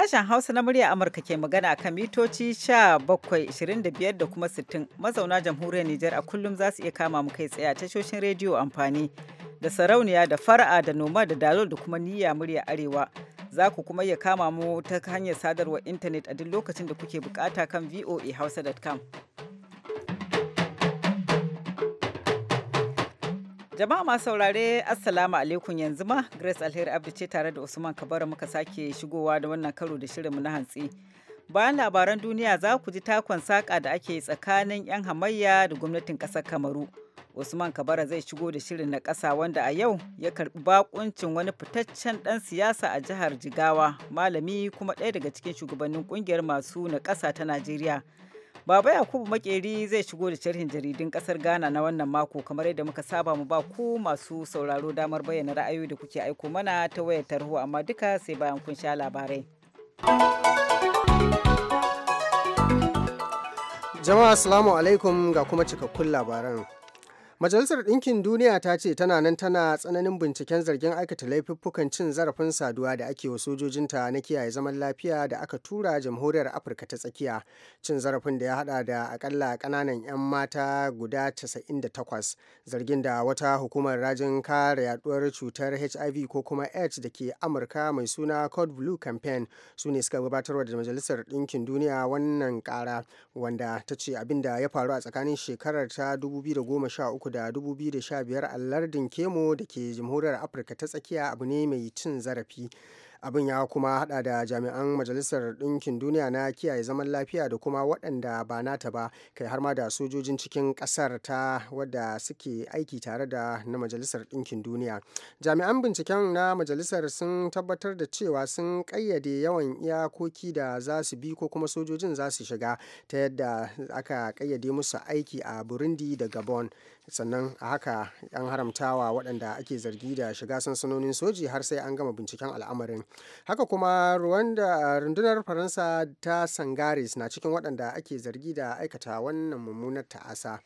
Sashen Hausa na murya Amurka ke magana kan mitoci 17,25 da kuma 60 mazauna jamhuriyar Nijar a kullum za su iya kama mu kai tsaye a tashoshin rediyo amfani da sarauniya da fara'a da noma da dalol da kuma niyya murya arewa. Za ku kuma iya kama mu ta hanyar sadarwar intanet a duk lokacin da kuke bukata kan voahausa.com. Jama'a masu saurare Assalamu alaikum yanzu ma Grace Alheri Abdi ce tare da Usman Kabara muka sake shigowa da wannan karo da shirinmu na hantsi. Bayan labaran duniya za ku ji takon saƙa da ake tsakanin 'yan hamayya da gwamnatin ƙasar Kamaru. Usman Kabara zai shigo da shirin na ƙasa wanda a yau ya karɓi bakuncin wani fitaccen ɗan siyasa a jihar Jigawa, malami kuma ɗaya daga cikin shugabannin ƙungiyar masu na ƙasa ta Najeriya. Baba Yakubu Makeri zai shigo da sharhin jaridun kasar Ghana na wannan mako kamar yadda muka saba mu ba ku masu sauraro damar bayyana ra'ayoyi da kuke aiko mana ta wayar tarho amma duka sai bayan kun sha labarai. Jama'a assalamu alaikum ga kuma cikakkun labaran. Majalisar Ɗinkin Duniya ta ce tana nan tana tsananin binciken zargin aikata laifuffukan cin zarafin saduwa da ake wa sojojinta na kiyaye zaman lafiya da aka tura jamhuriyar Afirka ta tsakiya. Cin zarafin da ya hada da akalla kananan 'yan mata guda 98 zargin da wata hukumar rajin kare yaduwar cutar HIV ko kuma AIDS da ke Amurka mai suna Code Blue Campaign su ne suka gabatarwa da Majalisar Ɗinkin Duniya wannan kara wanda ta ce abin da ya faru a tsakanin shekarar ta 2013 da 2015 a lardin Kemo da ke jamhuriyar Afirka ta tsakiya abu ne mai cin zarafi. abin ya kuma hada da jami'an majalisar ɗinkin duniya na kiyaye zaman lafiya da kuma waɗanda ba nata ba kai har ma da sojojin cikin ƙasar ta wadda suke aiki tare da na majalisar ɗinkin duniya jami'an binciken na majalisar sun tabbatar da cewa sun kayyade yawan iyakoki da za su bi ko kuma sojojin za su shiga ta yadda aka kayyade musu aiki a burundi da gabon sannan a haka an haramtawa waɗanda ake zargi da shiga sansanonin soji har sai an gama binciken al'amarin haka kuma ruwanda rundunar faransa ta sangaris na cikin waɗanda ake zargi da aikata wannan mummunar ta'asa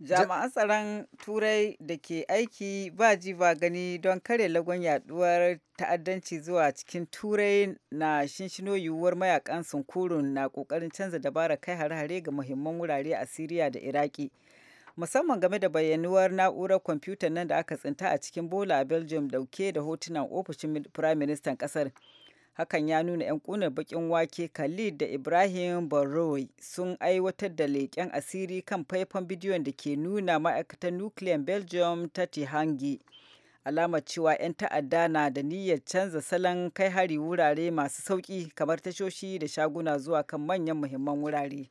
jami'an tsaron turai da ke aiki ba ji ba gani don kare lagon yaduwar ta'addanci zuwa cikin turai na shinshino yiwuwar mayakan sunkurun na kokarin canza dabara kai hare-hare ga muhimman wurare a siriya da iraki musamman game da bayyanuwar na'urar kwamfutar nan da aka tsinta a cikin bola a belgium dauke da hotunan ofishin prime minister kasar hakan ya nuna 'yan kunar bakin wake khalid da ibrahim barrowe sun aiwatar da leƙen asiri kan faifan bidiyon da ke nuna ma'aikatar nuclear belgium ta tihangi alamar cewa 'yan ta'adda na da niyyar canza salon kai hari wurare masu sauƙi kamar tashoshi da shaguna zuwa kan manyan muhimman wurare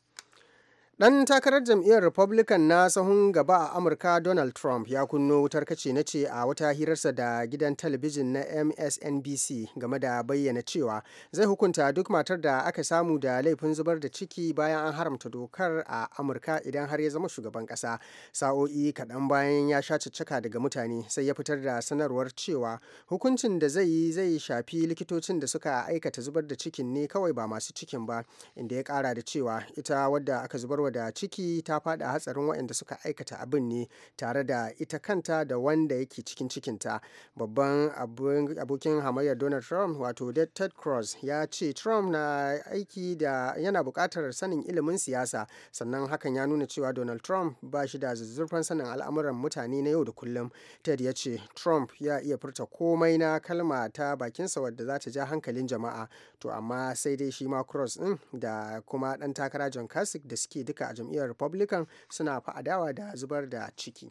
Ɗan takarar jam'iyyar Republican na sahun gaba a Amurka Donald Trump ya kunno wutar kace na ce a wata hirarsa da gidan talabijin na MSNBC game da bayyana cewa zai hukunta duk matar da aka samu da laifin zubar da ciki bayan an haramta dokar a Amurka idan har ya zama shugaban ƙasa. Sa'o'i kaɗan bayan ya sha caccaka daga mutane sai ya fitar da sanarwar cewa hukuncin da zai yi zai shafi likitocin da suka aikata zubar da cikin ne kawai ba masu cikin ba inda ya kara da cewa ita wadda aka zubarwa da ciki ta faɗa hatsarin waɗanda suka aikata abin ne tare da ita kanta da wanda yake cikin cikinta babban abokin hamayyar donald trump wato ted cross ya ce trump na aiki da yana buƙatar sanin ilimin siyasa sannan hakan ya nuna cewa donald trump ba shi da zuzzurfan sanin al'amuran mutane na yau da kullum ted ya ce trump ya iya furta komai na kalma ta bakinsa wadda za ta ja hankalin jama'a to amma sai dai shi ma cross din da kuma ɗan takara john kasich da suke duka amurka a jam'iyyar republican suna fa'adawa da zubar da ciki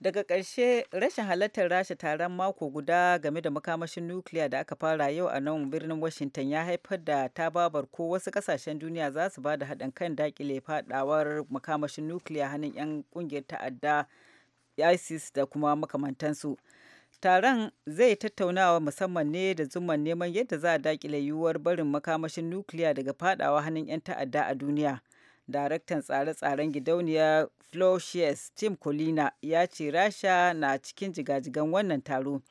daga ƙarshe rashin halartar rasha taron mako guda game da makamashin nukiliya da aka fara yau a nan birnin washington ya haifar da tababar ko wasu ƙasashen duniya za su ba da haɗin kan daƙile faɗawar makamashin nukiliya hannun 'yan ƙungiyar ta'adda isis da kuma makamantansu taron zai tattaunawa musamman ne da zuman neman yadda za a daƙile yiwuwar barin makamashin nukiliya daga faɗawa hannun 'yan ta'adda a duniya daraktan tsare-tsaren gidauniyar Floshiers Tim Colina ya ce Rasha na cikin jigajigan wannan taro.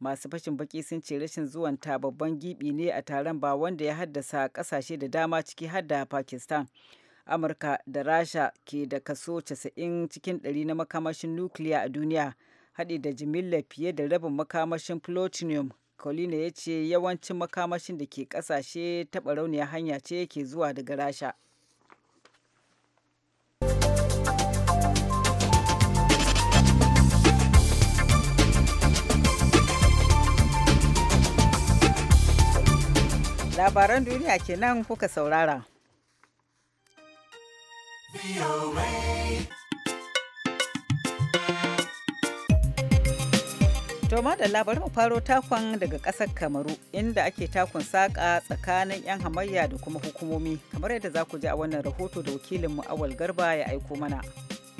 Masu fashin baki sun ce rashin zuwan ta babban gibi ne a taron ba wanda ya haddasa kasashe da dama ciki har da Pakistan. Amurka da Rasha ke da kaso 90 cikin ɗari na makamashin nukiliya a duniya, haɗe da jimillar fiye da rabin makamashin plutonium. Colina ya ce yawancin makamashin da ke ƙasashe taɓa rauniyar hanya ce yake zuwa daga Rasha. Labaran duniya kenan kuka saurara. Toma da labarin faro takon daga ƙasar Kamaru inda ake takon saƙa tsakanin 'yan hamayya da kuma hukumomi kamar yadda za ku ji a wannan rahoto da wakilinmu Awal Garba ya aiko mana.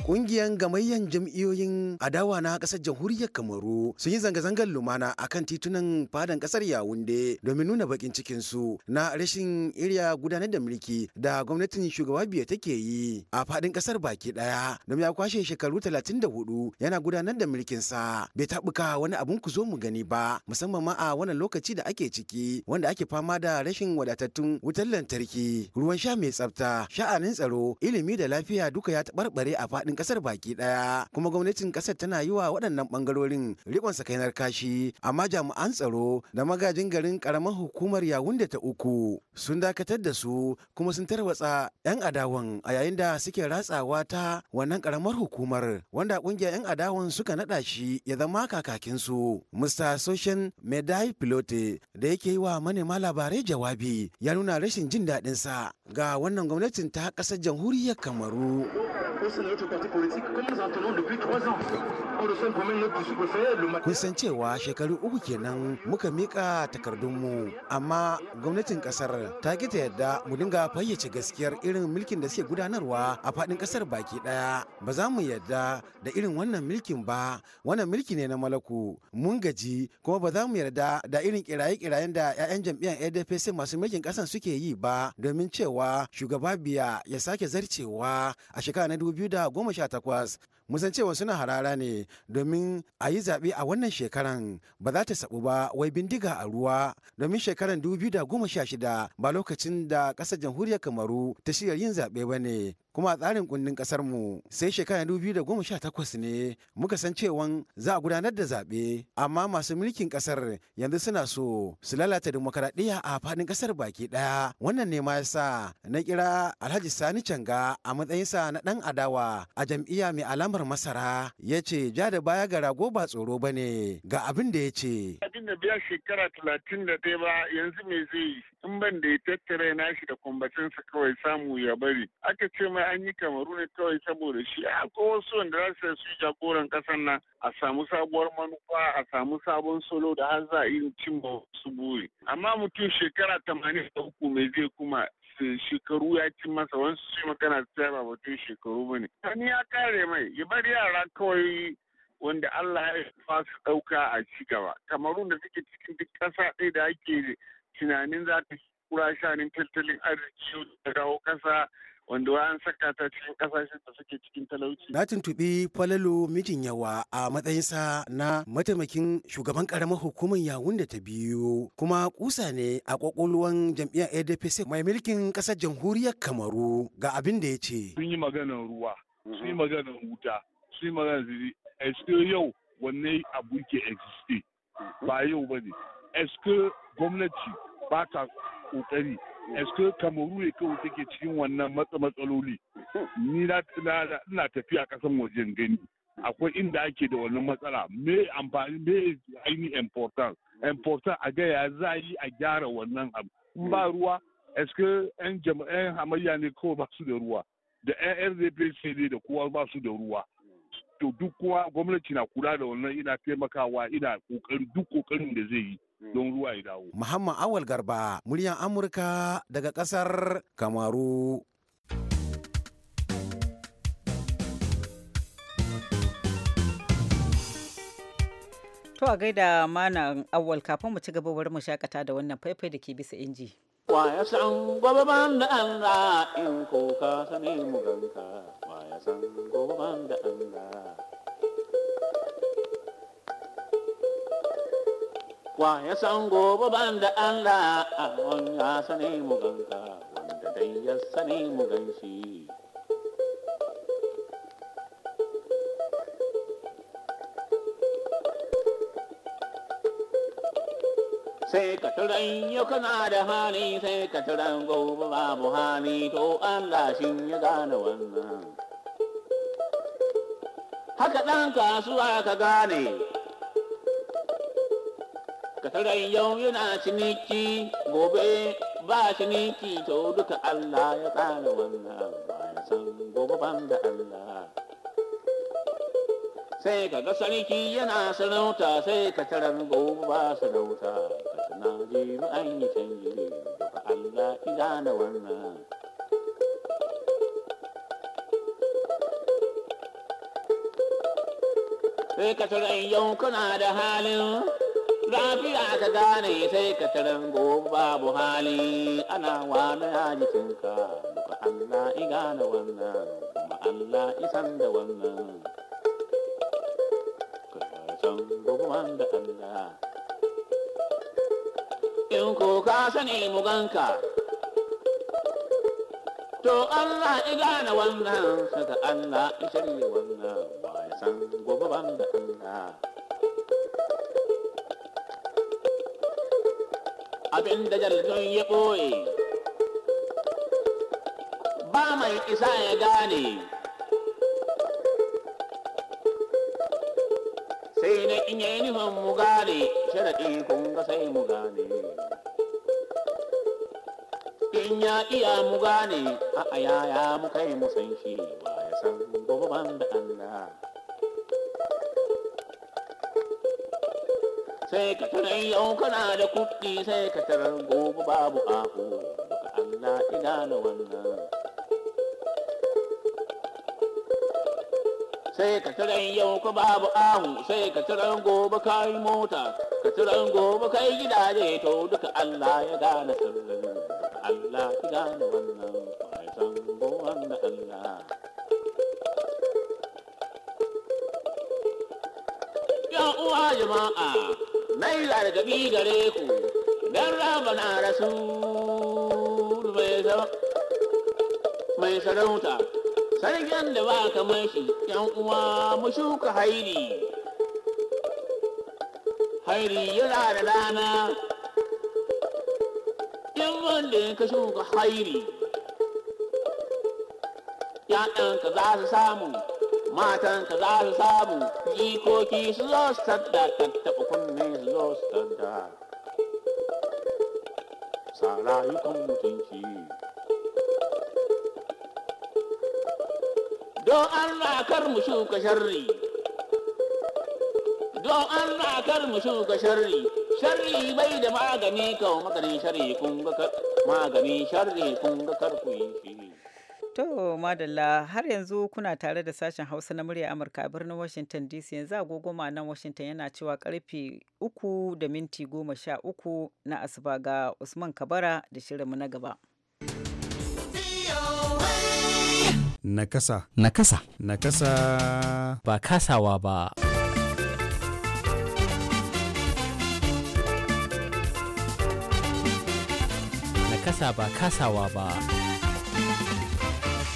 Ƙungiyar gamayyan jam'iyoyin adawa na ƙasar jamhuriyar Kamaru sun yi zanga-zangar lumana a kan titunan fadan ƙasar Yawunde domin nuna bakin cikin su na rashin irya gudanar da mulki da gwamnatin shugaba biya take yi a fadin ƙasar baki ɗaya domin ya kwashe shekaru talatin da hudu yana gudanar da mulkin sa bai taɓuka wani abun ku zo mu gani ba musamman ma a wannan lokaci da ake ciki wanda ake fama da rashin wadatattun wutar lantarki ruwan sha mai tsafta sha'anin tsaro ilimi da lafiya duka ya taɓarɓare a fadin kasar baki daya kuma gwamnatin kasar tana yi wa waɗannan bangarorin rikon sakainar kashi amma jami'an tsaro da magajin garin karamar hukumar yawunde ta uku sun dakatar da su kuma sun tarwatsa 'yan adawan a yayin da suke ratsawa ta wannan karamar hukumar wanda kungiyar 'yan adawan suka naɗa shi ya zama kakakinsu mr soshen medai pilote da yake yi wa manema labarai jawabi ya nuna rashin jin daɗinsa ga wannan gwamnatin ta ƙasar jamhuriyar kamaru. Kun san cewa shekaru uku kenan muka mika takardunmu amma gwamnatin kasar ta ki ta yadda mu dinga fayyace gaskiyar irin mulkin da suke gudanarwa a faɗin kasar baki ɗaya ba za mu yadda da irin wannan mulkin ba wannan mulki ne na malaku mun gaji kuma ba za mu yarda da irin kiraye-kirayen da 'ya'yan jam'iyyar ADFC masu mulkin ƙasar suke yi ba domin cewa shugaba biya ya sake zarcewa a shekara na 2018 musan cewa suna harara ne domin a yi zaɓe a wannan shekaran ba za ta sabu ba wai bindiga a ruwa domin shekaran 2016 ba lokacin da ƙasar jamhuriyar kamaru ta shirya yin zaɓe ba ne kuma a tsarin kundin kasar mu sai shekara 2018 ne muka san cewa za a gudanar da zaɓe amma masu mulkin kasar yanzu suna so su lalata dimokuraɗiyya a faɗin kasar baki ɗaya wannan ne ma yasa na kira Alhaji Sani Canga a matsayinsa na ɗan adawa a jam'iyya mai alamar masara ya ce ja da baya ga rago ba tsoro ba ne ga abin da ya ce. Abin da biya shekara talatin da ba yanzu me zai in ban da ya tattare nashi da kwambacinsa kawai samu ya bari aka ce mai an yi kamaru ne kawai saboda shi a ko wasu wanda za su su jagoran kasan nan a samu sabuwar manufa a samu sabon solo da har za a yi cin su buri amma mutum shekara tamanin da uku mai zai kuma shekaru ya ci masa wasu su magana su ba batun shekaru ba ne. Sani ya kare mai ya bar yara kawai wanda Allah ya fa su ɗauka a ci gaba. Kamarun da suke cikin duk ƙasa ɗaya da ake tunanin za ta kura shanin tattalin arziki da dawo kasa wanda an saka ta cikin kasashen da suke cikin talauci. Na tuntuɓi Falalu mijin yawa a matsayinsa na mataimakin shugaban karamar hukumar yawun da ta biyu kuma kusa ne a kwakwalwan jam'iyyar ADPC mai mulkin ƙasar jamhuriyar Kamaru ga abin da ya ce. Sun yi maganar ruwa, mhm. sun yi maganar wuta, sun yi maganar ziri. Eske yau wanne abu ke existe mhm. ba yau ba ne. Eske gwamnati ba ta kokari eske kamaru ne kawai take cikin wannan matsaloli ni na tafiya kasan wajen gani akwai inda ake da wannan matsala me amfani me aini important important a gaya za yi a gyara wannan abu ba mm. ruwa eske yan yan hamayya ne kawai ba su da ruwa da yan rdp ne da kowa ba su da ruwa to duk kowa gwamnati na kula da wannan ina taimakawa ina kokarin duk kokarin da zai yi hmm. don ruwa ya dawo. Muhammad Awal Garba, muryar Amurka daga kasar Kamaru. To a gaida mana awal kafin mu ci gaba bari mu shakata da wannan faifai da ke bisa inji. wa ya san gobe ban da Allah in ko ka sani mu ganka wa ya san gobe ban da Allah wa ya san gobe ban da Allah an ya sani mu ganka wanda dai ya sani mu ganshi sai ka turan yau kana da hali sai ka turan gobe babu hali to Allah shi ya gane wannan haka ɗan kasuwa ka gane ka turan yau yana ciniki gobe ba ciniki to duka Allah ya tsara wannan ba ya san gobe ban da Allah sai ka ga sarki yana sarauta sai ka tarar gobe ba sarauta Naziru an yi canji ne da Allah na wannan. Sai ka tarin yankuna da halin lafiya ka gane sai ka tarin gobe babu hali ana wala jikinka duka Allah na wannan kuma Allah isan da wannan. Ka san gobe da Allah. in ko ka sani mu muganka to Allah ya gane wannan saka Allah ya shirya wannan ba ya san gobe banda da Allah abin da ya ɓoye ba mai isa ya gane sai na in yi nufin mu gane sharaɗi kun ga sai mu gane in ya iya mu gane a ayaya mu kai mu san shi ba ya san gobe da Allah. Sai ka tare yau kana da kuɗi sai ka tare gobe babu ahu Ka Allah ina na wannan. Sai ka tare yau ka babu ahu sai ka tare gobe ka yi mota ka tare gobe kai gidaje to duka Allah ya gane sirrin. Allah ki gane wannan kwai zambo wanda Allah. Yan uwa jama'a, mai gargaɗi gare ku, don ramana rasul mai sarauta, sargen da ba kamar shi, yan uwa mu shuka hairi. Hairi yana da rana. da ya ka shuka hairi ‘ya'yanka za su samu matanka za su samu jikoki su zo su tadda tattaɓa kunne su zo su tadda sa rayukan mutunci don an rakar mu shuka sharri don an kar mu shuka sharri sharri bai da magani kawo maganin sharri kun ga magani sharri kun ga kar ku yi shi To madalla har yanzu kuna tare da sashen Hausa na murya Amurka a birnin Washington DC yanzu agogoma nan Washington yana cewa karfe uku da minti goma sha uku na asuba ga Usman Kabara da shirinmu na gaba. Nakasa. Nakasa. Nakasa. Ba kasawa ba. サバカサワバ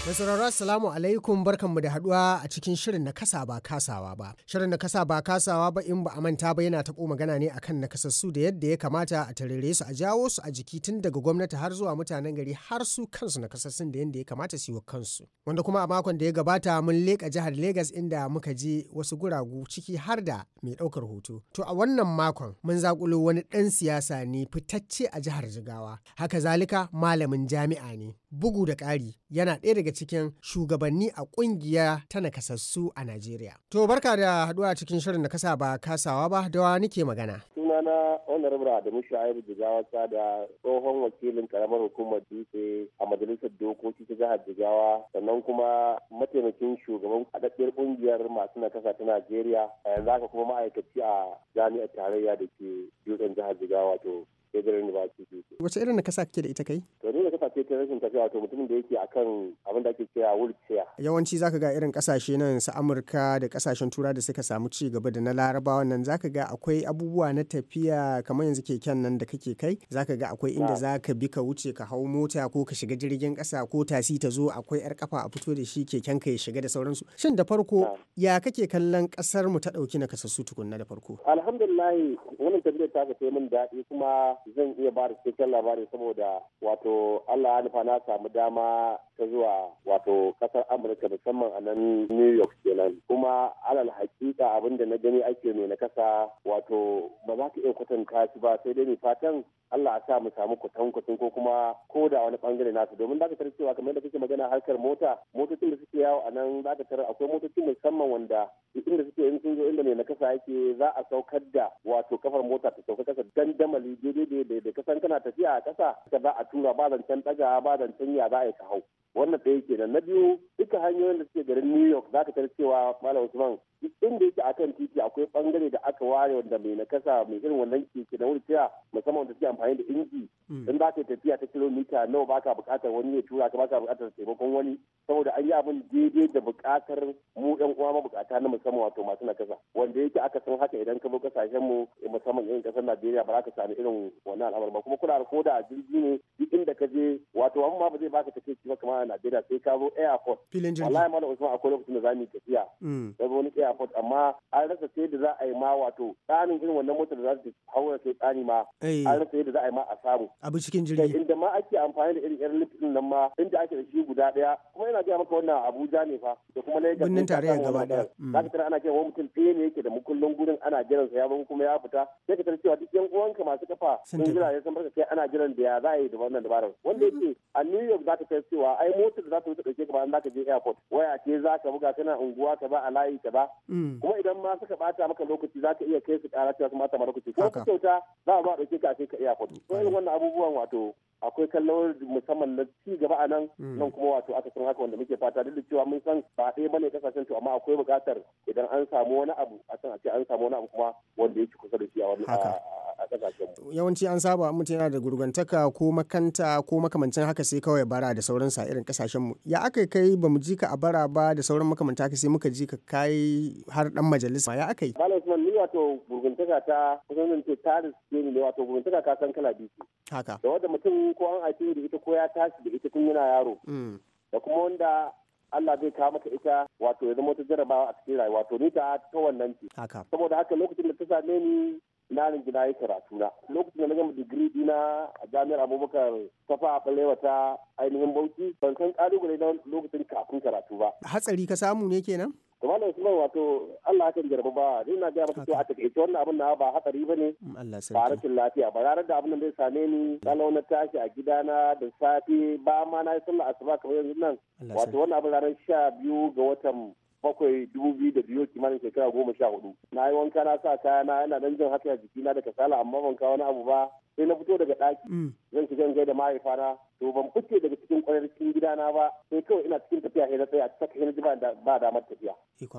Mai sauraro Assalamu alaikum barkanmu da haduwa a cikin shirin na kasa ba kasawa ba. Shirin na kasa ba kasawa ba in ba a manta ba yana taɓo magana ne akan nakasassu da yadda ya kamata a tarere su a jawo su a jiki tun daga gwamnati har zuwa mutanen gari har su kansu nakasassun da yadda ya kamata su yi wa kansu. Wanda kuma a makon da ya gabata mun leƙa jihar Legas inda muka je wasu guragu ciki har da mai ɗaukar hoto. To a wannan makon mun zakulo wani ɗan siyasa ne fitacce a jihar Jigawa. Haka zalika malamin jami'a ne. bugu da ƙari yana ɗaya daga cikin shugabanni a ƙungiya ta nakasassu a Najeriya. To barka da haɗuwa cikin shirin nakasa ba kasawa ba da nike magana. Sunana Honorable Adamu Sha'iru Jigawa da tsohon wakilin karamar hukumar dutse a majalisar dokoki ta jihar Jigawa sannan kuma mataimakin shugaban haɗaɗɗiyar ƙungiyar masu nakasa ta Najeriya a yanzu haka kuma ma'aikaci a jami'ar tarayya da ke dutsen jihar Jigawa to federal university wace irin na kasa kake da ita kai to ni da kasa ce ta rashin tafiya to mutumin da yake akan abin da ake cewa wheelchair yawanci zaka ga irin kasashe nan su amurka da kasashen tura da suka samu ci gaba da na larabawa nan zaka ga akwai abubuwa na tafiya kamar yanzu keken nan da kake kai zaka ga akwai inda zaka bi ka wuce ka hau mota ko ka shiga jirgin kasa ko tasi ta zo akwai yar kafa a fito da shi keken ka ya shiga da sauransu shin da farko ya kake kallon kasar mu ta dauki na kasassu tukunna da farko alhamdulillah layi wannan tambayar ta ga min daɗi kuma zan iya ba da cikakken labari saboda wato Allah ya nufa na samu dama ta zuwa wato ƙasar Amurka musamman a nan New York kenan kuma alal hakika abin da na gani ake mai na kasa wato ba za ka iya kwatanta shi ba sai dai ni fatan Allah ya sa mu samu kwatan ko kuma ko da wani bangare nasu domin za ka tarar cewa kamar yadda kake magana harkar mota motocin da suke yawo a nan za ka tarar akwai motocin musamman wanda inda suke in sun inda ne na kasa yake za a saukar da wato kafar mota ta sauka kasa dandamali daidai da kasan kana tafiya a kasa ka za a tura ba zancen daga ba zancen ya za a yi ka hau wannan ɗaya kenan na biyu duka hanyoyin da suke garin new york za ka cewa malam usman inda yake akan titi akwai bangare da aka ware wanda mai kasa mai irin wannan keke na wani musamman da suke amfani da inji mm. in za ka tafiya ta kilomita nawa baka bukatar wani ya tura ka baka bukatar taimakon wani saboda an yi abin daidai da bukatar mu yan uwa bukata na musamman wato masu na kasa wanda yake aka san haka idan ka zo kasashen mu musamman irin kasar Najeriya ba za ka sami irin wannan al'amar ba kuma kula ko da jirgi ne duk inda ka je wato amma ba zai baka take ba kamar a Najeriya sai ka zo airport wallahi malam Usman akwai lokacin da za mu tafiya sai mm. wani airport airport amma an rasa sai da za a yi ma wato tsanin irin wannan motar da za ta haura sai tsani ma eh. an rasa da za a yi ma a samu abu cikin jirgi inda ma ake amfani da irin irin lifin nan ma inda ake da shi guda daya kuma yana gaya maka wannan Abuja ne fa da kuma Lagos birnin tarayya gaba daya mm. za ka tara ana cewa wani mutum ɗaya ne yake da mukullin gurin ana jiran sa ya bugu kuma ya fita sai ka tara cewa duk yan uwanka masu kafa sun jira ya san barka kai ana jiran da ya za a yi da wannan dabarar wanda yake a New York za ka tara cewa ai motar da za ta wuce ɗauke ka ba an za ka je airport waya ce za ka buga kana unguwa ka ba a layi ka ba Mm. kuma idan ma suka bata maka lokaci za ka iya kai su kara cewa su mata lokaci ko kyauta za a ba a ɗauke ka sai ka iya kudu. Irin wannan abubuwan wato akwai kallon musamman na ci gaba a nan hmm. nan kuma wato aka san haka wanda muke fata duk da cewa mun san ba ɗaya bane kasashen to amma akwai buƙatar idan an samu wani abu a san a ce an samu wani abu kuma wanda yake kusa da shi a wani yawanci an saba mutum yana da gurgantaka ko makanta ko makamancin haka sai kawai bara da sauran sa irin kasashen mu ya aka kai bamu ji ka a bara ba da sauran makamanta ka sai muka ji ka kai har dan majalisa ya aka yi malam usman ni wato gurgantaka ta kusan ce taris ne wato gurgantaka ka san kala biyu haka da wanda mutum ko an haife da ita ko ya tashi da ita tun yana yaro mm. da kuma wanda Allah zai kawo maka ita wato ya zama wata jarabawa a cikin rayuwa to ni ta ta wannan ce saboda haka lokacin da ta same ni na gina yi karatu na lokacin da na gama digiri dina a jami'ar abubakar safa a balewa ta ainihin bauchi ban san kalubale na lokacin kafin karatu ba hatsari ka samu ne kenan to malam usman wato Allah hakan jarba ba ni na ga maka cewa a takaice wannan abin na ba hatsari bane ba mm, rashin lafiya ba ranar da abin da zai same ni kalau na tashi a gidana da safe ba ma na yi sallah asuba kamar yanzu nan wato wannan abin ranar sha biyu ga watan bakwai dubu biyu da biyu kimanin shekara goma sha hudu na yi wanka na sa kaya na yana nan jin haka jiki na da kasala amma ban kawo wani abu ba sai na fito daga ɗaki mm. zan shiga gai da mahaifana to ban fice daga cikin kwarar cikin gidana ba sai kawai ina cikin tafiya sai na tsaya a ina sai na ba damar tafiya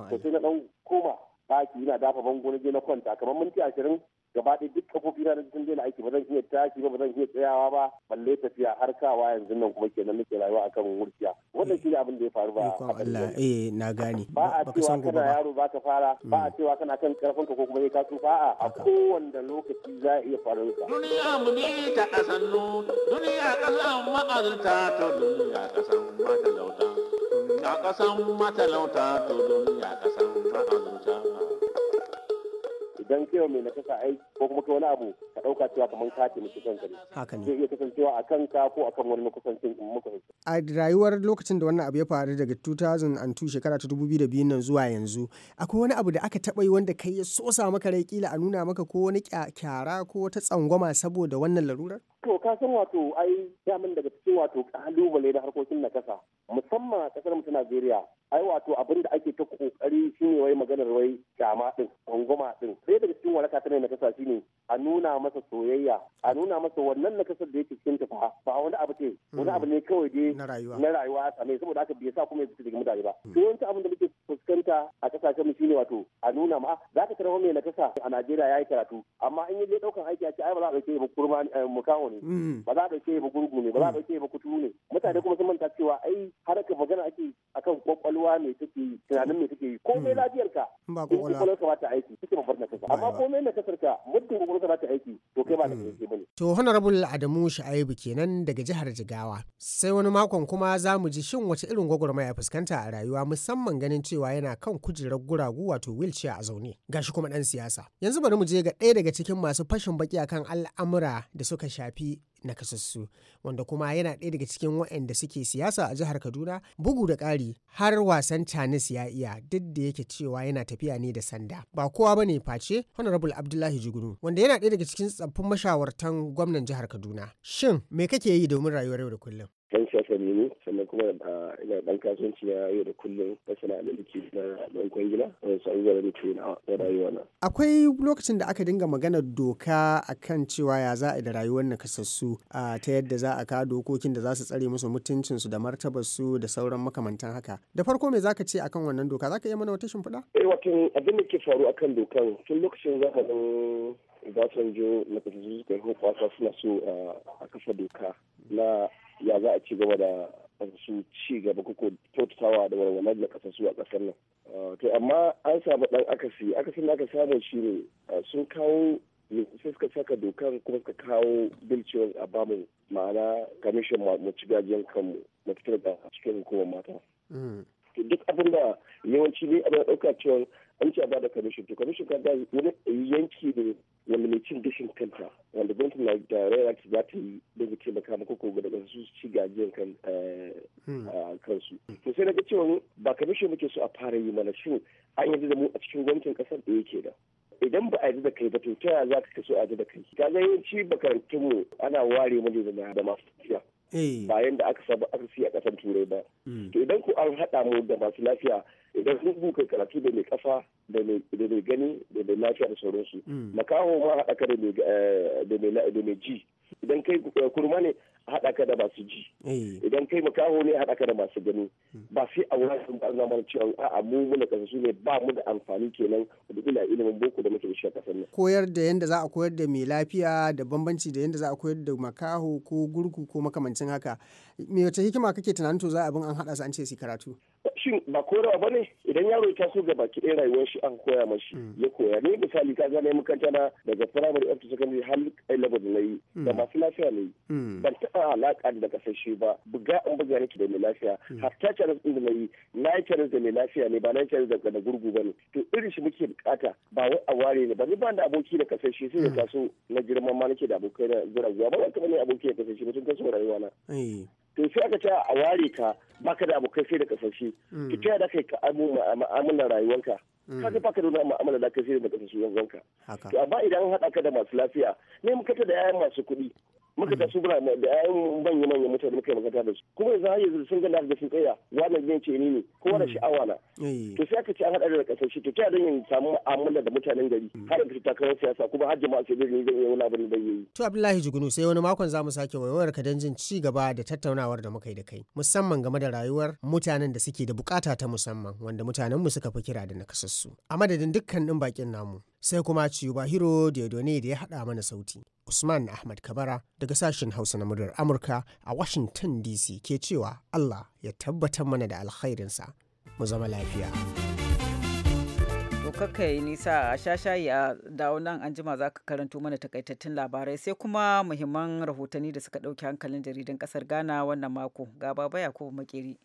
to sai na dan koma ɗaki ina dafa bango na na kwanta kamar minti ashirin gaba ɗaya duk kafofi na sun daina aiki ba zan iya tashi ba ba zan iya tsayawa ba balle tafiya har kawa yanzu nan kuma kenan nake rayuwa akan wurciya wannan shi ne abin da ya faru ba Allah eh na gane ba a cewa kana yaro ba ka fara mm. ba a cewa kana kan karfin ka ko kuma ka tsufa a a kowanne lokaci za a iya faru ka duniya mu ne ta kasannu duniya kasan ma'azurta ta duniya kasan matalauta ta kasan matalauta to duniya kasan ma'azurta idan kai mai nakasa ai ko kuma kai wani abu ka dauka cewa kamar ka miki kanka ne haka ne zai iya kasancewa a kanka ko akan wani makusancin makusanci a rayuwar lokacin da wannan abu ya faru daga 2002 shekara ta 2002 nan zuwa yanzu akwai wani abu da aka taba yi wanda kai ya sosa maka rai kila a nuna maka ko wani kyara ko wata tsangwama saboda wannan larurar to ka san wato ai damin daga cikin wato kalubale da harkokin nakasa musamman a kasar mutu ta Najeriya ai wato abin da ake ta kokari shine wai maganar wai kyama din gongoma din sai daga cikin waraka ta ne na kasa shine a nuna masa soyayya a nuna masa wannan nakasar da yake cikin ta ba wani abu ce wani abu ne kawai dai na rayuwa a same saboda haka bai sa kuma ya fita daga mutane ba to hmm. yawanci abin da muke fuskanta a kasashen mu shine wato a nuna ma ah, za ka tarwa mai nakasa a Najeriya yayi karatu amma in yaje daukan aiki a ce ai ba za a dauke ba kurma eh, mukawo ne hmm. ba za a dauke ba gurgu ne ba za a dauke hmm. ba kutu ne mutane kuma sun manta cewa ai harkar magana ake akan kwakwalwa ne take yi tunanin me take yi komai lafiyarka ba ko wala ko kamata aiki kike babbar na kasa amma komai na kasar ka muddin ko kamata aiki to kai ba na kasa bane to honorable Adamu Shu'aibu kenan daga jihar Jigawa sai wani makon kuma za mu ji shin wace irin gwagwarmaya ya fuskanta a rayuwa musamman ganin cewa yana kan kujerar guragu wato wheelchair a zaune gashi kuma dan siyasa yanzu bari mu je ga ɗaya daga cikin masu fashin baki akan al'amura da suka shafi Na nakasassu wanda kuma yana ɗaya daga cikin waɗanda suke siyasa a jihar Kaduna bugu da ƙari har wasan canis ya iya duk da yake cewa yana tafiya ne da sanda ba kowa ba ne face Honorable Abdullahi Jugunu wanda yana ɗaya daga cikin tsaffin mashawartan gwamnan jihar Kaduna shin me kake yi domin rayuwar yau da kullum ɗan siyasa ne ni sannan kuma ina ɗan kasuwanci na yau da kullum na sana'ar da ke na ɗan kwangila wani eh, abubuwa da ke na rayuwa na. Akwai lokacin da aka dinga magana doka a kan cewa ya za a da rayuwar nakasassu ta yadda za a kawo dokokin da za su tsare musu mutuncinsu da martabarsu da sauran makamantan haka. Da farko me zaka ce akan wannan doka zaka iya mana wata shimfiɗa? Eh wato abin da ke faru akan dokan tun lokacin za ka zamanin jo na kasassu suka yi hoɓasa suna so a kafa doka na ya za a ci gaba da su ci gaba kuko kyautatawa da walwalar da kasar su a kasar nan ah, to amma an samu dan akasi akasin da aka samu shi ne ah, sun kawo sai suka saka dokar kuma suka kawo bilcewar a bamu ma'ana kamishin mu ci gajiyar kanmu na fitar da cikin hukumar mata hmm. duk abin da yawanci ne abin da ɗauka cewa an ci a bada kamishin to kamishin ka wani yanki ne wanda mai cin gashin kanta wanda bankin na tarayya za ta yi don ta taimaka maka ko da su ci gajiyar kan hmm. eh, kansu to sai na cewa ba kamishin muke so a fara yi mana shi an yanzu da mu a cikin gwamnatin kasar da yake da idan ba a yi da kai ba to ta yaya za ka kaso a yi da kai ka ga yawanci makarantunmu ana ware mu da masu tafiya Eh. ba yadda aka saba aka siya kasan turai ba hmm. to idan ku an haɗa mu da masu lafiya idan sun buka karatu da mai kafa da mai gani da mai lafiya da sauransu hmm. makaho ma haɗa ka da mai eh, ji idan kai eh, kurma ne haɗa ka da masu ji eh. idan kai makaho ne haɗa ka da masu gani hmm. ba sai a wurin sun ba zama cewa a'a mu muna kasa su ne ba mu da amfani kenan da ila ilimin boko da muke shi a kasar nan koyar da yanda za a koyar da mai lafiya da bambanci da yanda za a koyar da makaho ko gurku ko makamancin haka me wace hikima kake tunanin to za abin an hada su an ce su karatu shin ba korawa ba ne idan yaro ya taso ga baki dai rayuwar shi an koya mashi mm. ya koya ne misali ka gane makaranta na daga primary up to secondary har kai level na da mm. masu lafiya ne mm. ban taɓa alaka da kasashe ba buga an buga nake da mai lafiya har ta ce da na yi na yi da mai lafiya ne ba na yi da da gurgu ba ne to irin shi muke bukata ba wai a ware ne ba ni ba da aboki da kasashe sai ya taso na girman ma nake da abokai na zuwa ba wai kamar ne aboki da kasashe mutum kaso rayuwa na eh. to sai aka ce a ware ka baka da abokai sai da kasashe ki ta da kai ka mu'amalar rayuwarka ka ga baka da wani mu'amala da kai sai da kasashe yanzu to amma idan haɗa ka da masu lafiya ne mu ta da yayan masu kuɗi muka tashi bura da ayan manya manyan mutane muka yi magana da su kuma yanzu har yanzu sun gana da sun tsaya wannan zai ce ni ne ko da mm. sha'awa na eh. to sai aka ce an haɗa da ƙasar shi to ta don yin samu mu'amala da mutanen gari mm. har da takarar siyasa kuma har jama'a sai dai zai yi wani abin da yi to Abdullahi Jugunu sai wani makon zamu sake wayewar ka dan jin ci gaba da tattaunawar da muka yi da kai musamman game da rayuwar mutanen da suke da bukata ta musamman wanda mutanen mu suka fi kira da nakasassu a madadin dukkan ɗin bakin namu sai kuma Chibahiro ne da ya haɗa mana sauti. Usman Ahmad Kabara daga sashen Hausa na muryar Amurka a Washington DC ke cewa Allah ya tabbatar mana da alkhairinsa mu zama lafiya. kaka yi nisa a shashayi a dawo nan an jima za ka karanto mana takaitattun labarai sai kuma muhimman rahotanni da suka ɗauki hankalin jaridan ƙasar ghana wannan mako ga baba yakubu makeri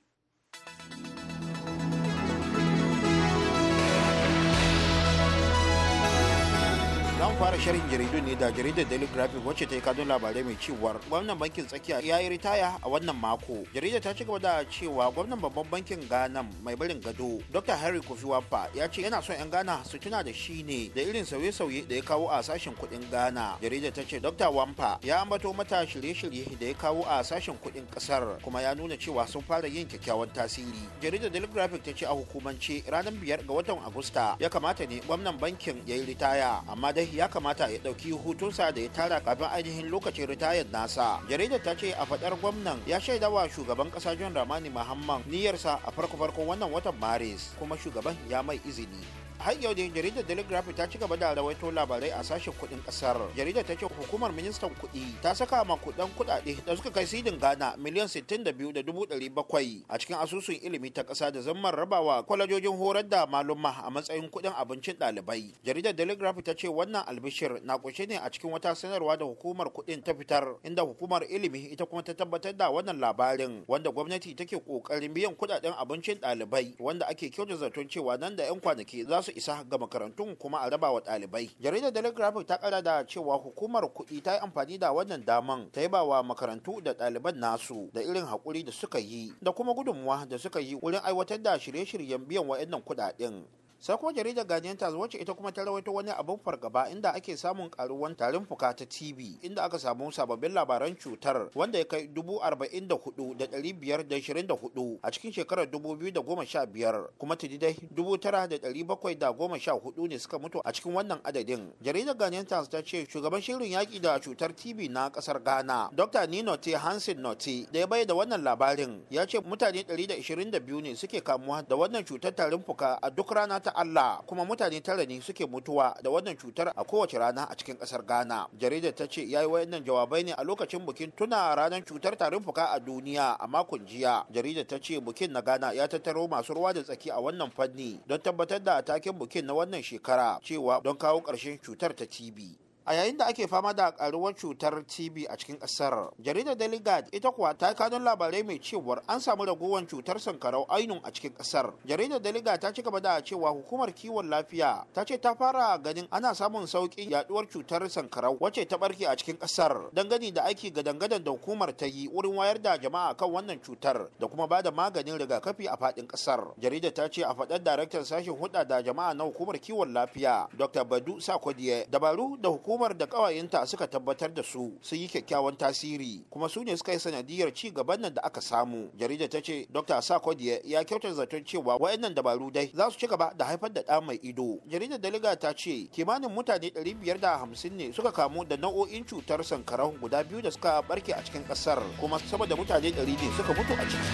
zan fara shirin jaridu ne da jaridar daily graphic wacce ta yi kadun labarai mai cewar gwamnan bankin tsakiya ya yi ritaya a wannan mako jaridar ta ci gaba da cewa gwamnan babban bankin ghana mai barin gado dr harry kofi wapa ya ce yana son yan ghana su tuna da shi ne da irin sauye-sauye da ya kawo a sashen kuɗin ghana jaridar ta ce dr wampa ya ambato mata shirye-shirye da ya kawo a sashen kuɗin kasar. kuma ya nuna cewa sun fara yin kyakkyawan tasiri jaridar daily graphic ta ce a hukumance ranar biyar ga watan agusta ya kamata ne gwamnan bankin ya yi ritaya amma dai ya kamata ya dauki hutunsa da ya tara kafin ainihin lokacin ritayar nasa jaridar ta ce a faɗar gwamnan ya shaidawa shugaban ƙasa john ramani mahamman niyyarsa a farko farko wannan watan maris kuma shugaban ya mai izini har yau ne jaridar daily ta ci gaba da rawaito labarai a sashen kudin kasar jaridar ta ce hukumar ministan kudi ta saka ma kudan kudade da suka kai sidin gana miliyan 62,700 a cikin asusun ilimi ta kasa da zammar rabawa kwalajojin horar da maluma a matsayin kudin abincin dalibai jaridar daily ta ce wannan albishir na kunshe ne a cikin wata sanarwa da hukumar kudin ta fitar inda hukumar ilimi ita kuma ta tabbatar da wannan labarin wanda gwamnati take kokarin biyan kudaden abincin dalibai wanda ake kyauta zaton cewa nan da 'yan kwanaki za su su isa ga makarantun kuma a raba wa ɗalibai jaridar daily ta kara da cewa hukumar kuɗi ta yi amfani da wannan daman ta yi wa makarantu da ɗaliban nasu da irin haƙuri da suka yi da kuma gudunmuwa da suka yi wurin aiwatar da shirye-shiryen biyan wa'annan kuɗaɗen sai kuma jaridar guardian ta wacce ita kuma ta rawaito wani abin fargaba inda ake samun karuwan tarin fuka ta tv inda aka samu sababbin labaran cutar wanda ya kai dubu arba'in da hudu da dari biyar da shirin da hudu a cikin shekarar dubu biyu da goma sha biyar kuma didai dubu tara da dari bakwai da goma sha hudu ne suka mutu a cikin wannan adadin jaridar guardian ta ce shugaban shirin yaƙi da cutar tv na kasar ghana dr nino t hansen noti da ya bai da wannan labarin ya ce mutane 122 ne suke kamuwa da wannan cutar tarin fuka a duk rana ta ta Allah kuma mutane tara ne suke mutuwa da wannan cutar a kowace rana a cikin kasar Ghana. Jaridar ta ce ya yayi wayannan jawabai ne a lokacin bukin tuna ranar cutar tarin fuka a duniya a makon jiya. Jaridar ta ce bukin na Ghana ya tattaro masu ruwa da tsaki a wannan fanni don tabbatar da taken bukin na wannan shekara cewa don kawo ƙarshen cutar ta TB. a yayin da ake fama da karuwar cutar tb a cikin kasar jaridar daily guard ita kuwa ta kano labarai mai cewar an samu ragowar cutar sankarau ainun a cikin kasar jaridar daily ta ci gaba da cewa hukumar kiwon lafiya ta ce ta fara ganin ana samun sauƙin yaduwar cutar sankarau wacce ta barke a cikin kasar dangane da aiki ga dangadan da hukumar ta yi wurin wayar da jama'a kan wannan cutar da kuma ba da maganin rigakafi a fadin kasar jaridar ta ce a faɗar daraktan sashen hulɗa da jama'a na hukumar kiwon lafiya dr badu sakodiye dabaru da hukumar hukumar da kawayenta suka tabbatar da su sun yi kyakkyawan tasiri kuma su ne suka yi sanadiyar ci gaban nan da aka samu jarida ta ce dr sakodi ya kyautar zaton cewa wayannan dabaru dai za su ci gaba da haifar da ɗa mai ido jaridar daliga ta ce kimanin mutane 550 ne suka kamu da nau'o'in cutar sankarau guda biyu da suka barke a cikin ƙasar kuma sama da mutane 100 ne suka mutu a ciki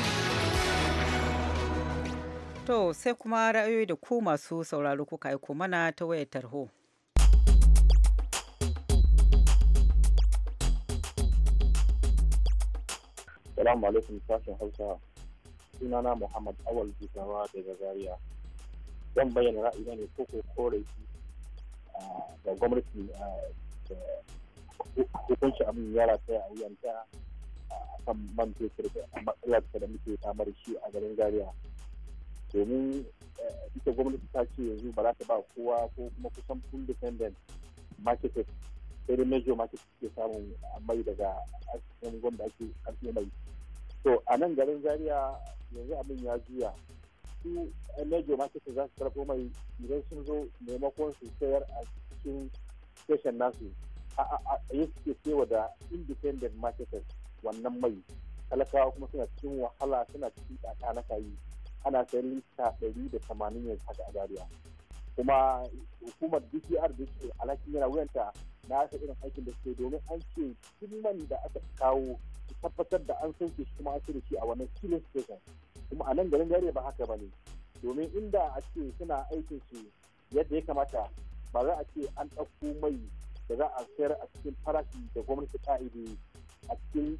To sai kuma ra'ayoyi da ku masu sauraro kuka aiko mana ta wayar tarho. Salamu alaikum sashen Hausa. Sunana Muhammad Awal Jisawa daga Zaria. Zan bayyana ra'ayi ne ko ko korafi da gwamnati da hukunci abin ya rataya a wuyanta a kan man fetur da matsalar da muke samar shi a garin Zaria. Domin eh, ita gwamnati ta ce yanzu ba za ta ba kowa ko kuma kusan full dependent market sai dai major ke suke samun mai daga asibitin gwamnati ake karfe mai to a nan garin zaria yanzu abin ya juya su major market za su karɓo mai idan sun zo maimakon su sayar a cikin station nasu a yi suke cewa da independent marketers wannan mai talakawa kuma suna cikin wahala suna cikin tsaka na kayi ana sayan lita ɗari da tamanin yanzu haka a zaria kuma hukumar dcr da ke alhakin yana wuyanta na aka irin aikin da suke domin an ce kimman da aka kawo su tabbatar da an sauke su kuma an da shi a wannan filin station kuma a nan garin gare ba haka ba ne domin inda a ce suna aikin su yadda ya kamata ba za a ce an ɗauko mai da za a sayar a cikin farashi da gwamnati ta ide a cikin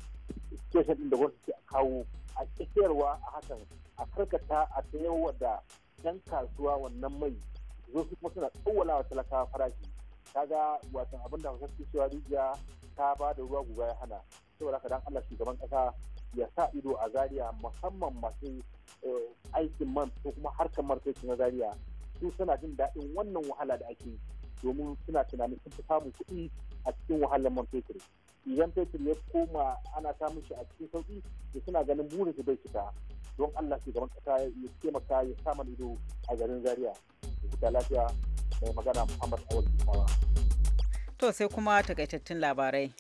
station din da gwamnati a kawo a sayarwa a hakan a karkata a yawa da 'yan kasuwa wannan mai zo su kuma suna tsawala wa talakawa farashi ta ga watan abin da hausa cewa rijiya ta ba da ruwa guga ya hana saboda haka dan Allah shugaban kasa ya sa ido a zariya musamman masu eh, aikin man ko kuma harkar marketing na zariya su suna jin daɗin wannan wahala da ake domin suna tunanin sun fi samun kuɗi a cikin wahalar man fetur idan fetur ya koma ana samun shi a cikin sauƙi da suna ganin burinsu bai fita don Allah ke gaban kasa ya taimaka ya kama ido a garin Zaria da kuta lafiya mai magana Muhammad Awal Kumawa. To sai kuma takaitattun labarai.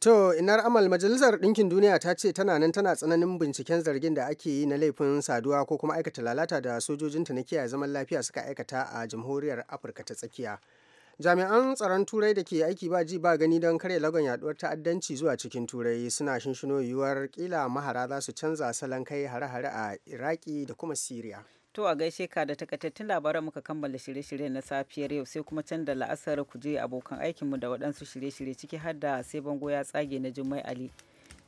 To inar amal majalisar ɗinkin duniya ta ce tana nan tana tsananin binciken zargin da ake yi na laifin saduwa ko kuma aikata lalata da sojojinta na kiyaye zaman lafiya suka aikata a jamhuriyar Afirka ta tsakiya. jami'an tsaron turai da ke aiki ba ji ba gani don kare lagon yaduwar ta'addanci zuwa cikin turai suna shinshino yiwuwar kila mahara za su canza salon kai hare-hare a iraki da kuma syria to a gaishe ka da takaitattun labaran muka kammala shirye-shirye na safiyar yau sai kuma can da la'asar ku je abokan aikinmu da waɗansu shirye-shirye ciki har da sai bango ya tsage na jummai ali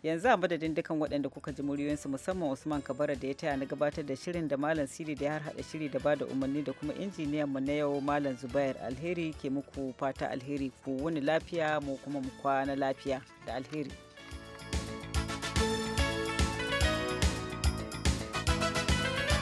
yanzu a madadin dukan waɗanda kuka ji muryoyinsu musamman usman kabara da ya taya na gabatar da shirin da malam siri da ya harhaɗa shiri da bada umarni da kuma injiniyan mu na yau malam zubair alheri ke muku fata alheri ku wani lafiya mu kuma mu kwana lafiya da alheri